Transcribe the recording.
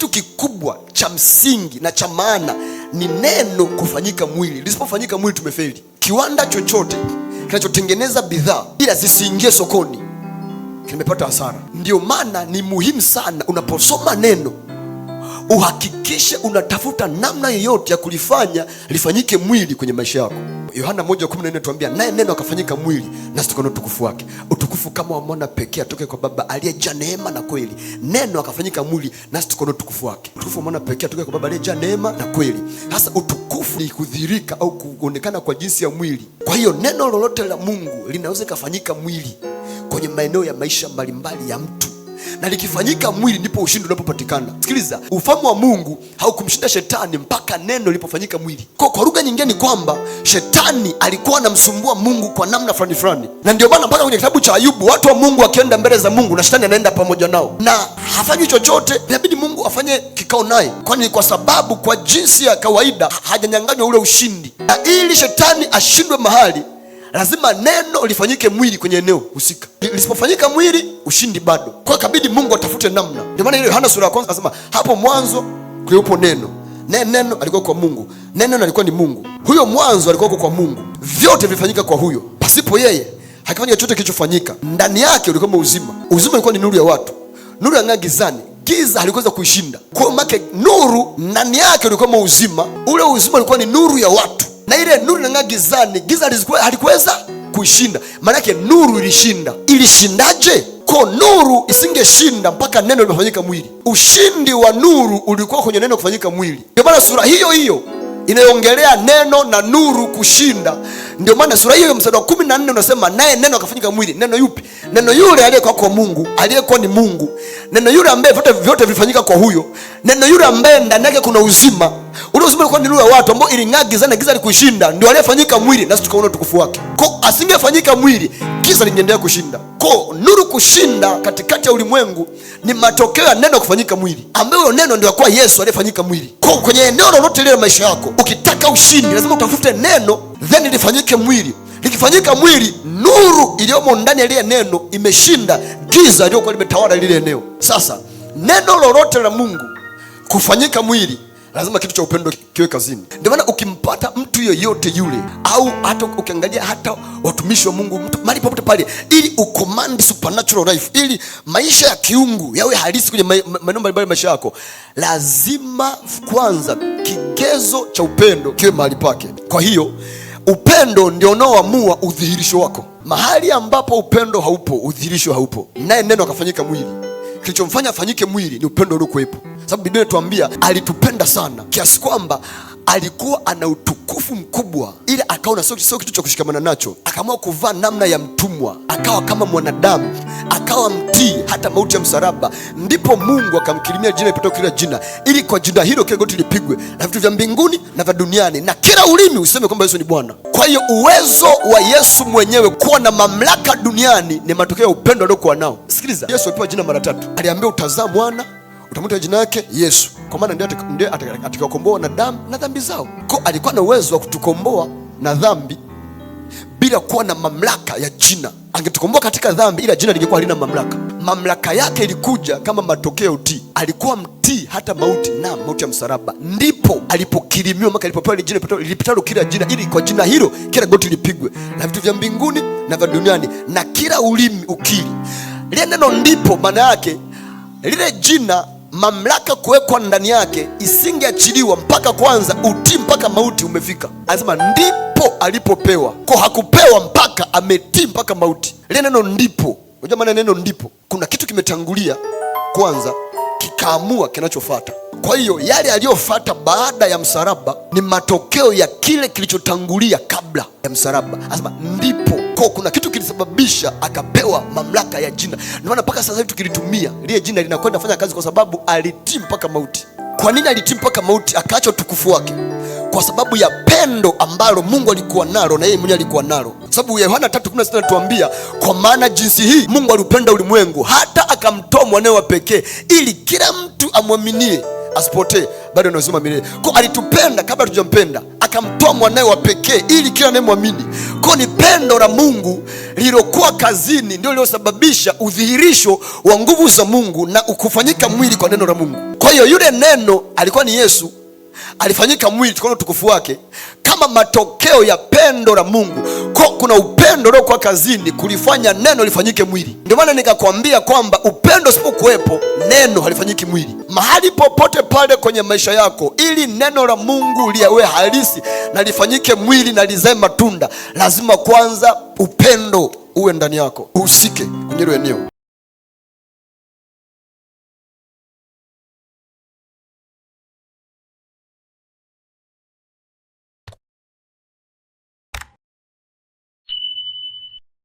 kitu kikubwa cha msingi na cha maana ni neno kufanyika mwili. Lisipofanyika mwili, tumefeli. Kiwanda chochote kinachotengeneza bidhaa bila zisiingie sokoni kimepata hasara. Ndio maana ni muhimu sana unaposoma neno uhakikishe unatafuta namna yoyote ya kulifanya lifanyike mwili kwenye maisha yako. Yohana 1:14 tuambia, naye neno akafanyika mwili nasi tukaona utukufu wake, utukufu kama wa mwana pekee atoke kwa Baba aliyejaa neema na kweli. Neno akafanyika mwili nasi tukaona utukufu wake, utukufu wa mwana pekee atoke kwa Baba aliyejaa neema na kweli. Hasa utukufu ni kudhirika au kuonekana kwa jinsi ya mwili. Kwa hiyo neno lolote la Mungu linaweza ikafanyika mwili kwenye maeneo ya maisha mbalimbali ya mtu na likifanyika mwili, ndipo ushindi unapopatikana. Sikiliza, ufamu wa Mungu haukumshinda shetani mpaka neno lilipofanyika mwili. Kwa, kwa lugha nyingine ni kwamba shetani alikuwa anamsumbua Mungu kwa namna fulani fulani, na ndio maana mpaka kwenye kitabu cha Ayubu watu wa Mungu wakienda mbele za Mungu na shetani anaenda pamoja nao na hafanyi chochote, inabidi Mungu afanye kikao naye, kwani kwa sababu kwa jinsi ya kawaida hajanyang'anywa ule ushindi, na ili shetani ashindwe mahali lazima neno lifanyike mwili kwenye eneo husika. Lisipofanyika mwili, ushindi bado. Kwa kabidi Mungu atafute namna. Ndio maana ile Yohana sura ya kwanza anasema hapo mwanzo kulikuwepo neno, naye neno alikuwa kwa Mungu, neno alikuwa ni Mungu. Huyo mwanzo alikuwa kwa Mungu, vyote vifanyika kwa huyo, pasipo yeye hakifanyika chochote kilichofanyika. Ndani yake ulikuwa uzima, uzima ulikuwa ni nuru ya watu, nuru ya ng'aa gizani giza halikuweza kuishinda. Kwa maana nuru ndani yake ulikuwa uzima, ule uzima ulikuwa ni nuru ya watu na ile nuru inang'aa gizani, giza halikuweza kuishinda. Maanake nuru ilishinda. Ilishindaje? Ko nuru isingeshinda mpaka neno limefanyika mwili. Ushindi wa nuru ulikuwa kwenye neno kufanyika mwili. Ndio maana sura hiyo hiyo inayoongelea neno na nuru kushinda. Ndio maana sura hiyo mstari wa kumi na nne unasema naye neno akafanyika mwili. Neno yupi? Neno yule aliyekuwa kwa Mungu, aliyekuwa ni Mungu, neno yule ambaye vyote vyote vilifanyika kwa huyo, neno yule ambaye ndani yake kuna uzima Ule uzima ulikuwa ni nuru ya watu ambao iling'aa na giza likushinda, ndio aliyefanyika mwili nasi tukaona utukufu wake. Ko asingefanyika mwili, giza lingeendelea kushinda. Ko nuru kushinda katikati ya ulimwengu ni matokeo ya neno kufanyika mwili, ambayo neno ndio alikuwa Yesu aliyefanyika mwili. Ko kwenye eneo lolote lile la maisha yako, ukitaka ushindi, lazima utafute neno then lifanyike mwili likifanyika mwili, nuru iliyomo ndani ya lile neno imeshinda giza iliyokuwa limetawala lile eneo. Sasa neno lolote la Mungu kufanyika mwili lazima kitu cha upendo kiwe kazini. Ndio maana ukimpata mtu yoyote yule, au hata ukiangalia hata watumishi wa Mungu, mtu mahali popote pale, ili ukomandi supernatural life, ili maisha ya kiungu yawe halisi kwenye maeneo mbalimbali maisha yako, lazima kwanza kigezo cha upendo kiwe mahali pake. Kwa hiyo upendo ndio unaoamua udhihirisho wako. Mahali ambapo upendo haupo, udhihirisho haupo, naye neno akafanyika mwili kilichomfanya afanyike mwili ni upendo uliokuwepo, sababu Biblia inatuambia alitupenda sana kiasi kwamba alikuwa ana utukufu mkubwa, ili akaona sio kitu cha kushikamana nacho, akaamua kuvaa namna ya mtumwa, akawa kama mwanadamu akawa mtii hata mauti ya msalaba. Ndipo Mungu akamkirimia jina lipitalo kila jina, ili kwa jina hilo kila goti lipigwe, na vitu vya mbinguni na vya duniani, na kila ulimi useme kwamba Yesu ni Bwana. Kwa hiyo uwezo wa Yesu mwenyewe kuwa na mamlaka duniani ni matokeo ya upendo aliokuwa nao. Sikiliza, Yesu alipewa jina mara tatu, aliambia utazaa mwana utamwita jina yake Yesu, kwa maana ndiye atakayekomboa na damu na dhambi zao. Ko alikuwa na uwezo wa kutukomboa na dhambi bila kuwa na mamlaka ya jina. Angetukomboa katika dhambi, ila jina lingekuwa halina mamlaka. Mamlaka yake ilikuja kama matokeo ya utii. Alikuwa mtii hata mauti, na mauti ya msalaba. Ndipo alipokirimiwa, mpaka alipopewa ile jina lilipitalo kila jina, ili kwa jina hilo kila goti lipigwe, na vitu vya mbinguni na vya duniani, na kila ulimi ukiri. Lile neno ndipo, maana yake lile jina mamlaka kuwekwa ndani yake isingeachiliwa mpaka kwanza utii mpaka mauti umefika. Anasema ndipo alipopewa, ko hakupewa mpaka ametii mpaka mauti. Lile neno ndipo, unajua maana neno ndipo, kuna kitu kimetangulia kwanza kikaamua kinachofuata. Kwa hiyo yale aliyofuata baada ya msalaba ni matokeo ya kile kilichotangulia kabla ya msalaba. Anasema ndipo, ko kuna kitu kilisababisha akapewa mamlaka ya jina. Ndio maana mpaka sasa hivi tukilitumia lile jina linakwenda fanya kazi, kwa sababu alitii mpaka mauti. Kwa nini alitii mpaka mauti? Akaacha utukufu wake kwa sababu ya pendo ambalo Mungu alikuwa nalo na yeye mwenyewe alikuwa nalo, sababu Yohana 3:16 anatuambia kwa maana jinsi hii Mungu aliupenda ulimwengu hata akamtoa mwanae wa pekee, ili kila mtu amwaminie asipotee, bado ana uzima milele. Kwa alitupenda kabla tujampenda, akamtoa mwanae wa pekee, ili kila anayemwamini. Kwa ni pendo la Mungu lilokuwa kazini, ndio lilosababisha udhihirisho wa nguvu za Mungu na ukufanyika mwili kwa neno la Mungu. Kwa hiyo yule neno alikuwa ni Yesu alifanyika mwili tukaona utukufu wake kama matokeo ya pendo la Mungu. Kwa kuna upendo uliokuwa kazini kulifanya neno lifanyike mwili. Ndio maana nikakwambia kwamba upendo usipokuwepo neno halifanyiki mwili. Mahali popote pale kwenye maisha yako, ili neno la Mungu liwe halisi na lifanyike mwili na lizae matunda, lazima kwanza upendo uwe ndani yako, uhusike kwenye eneo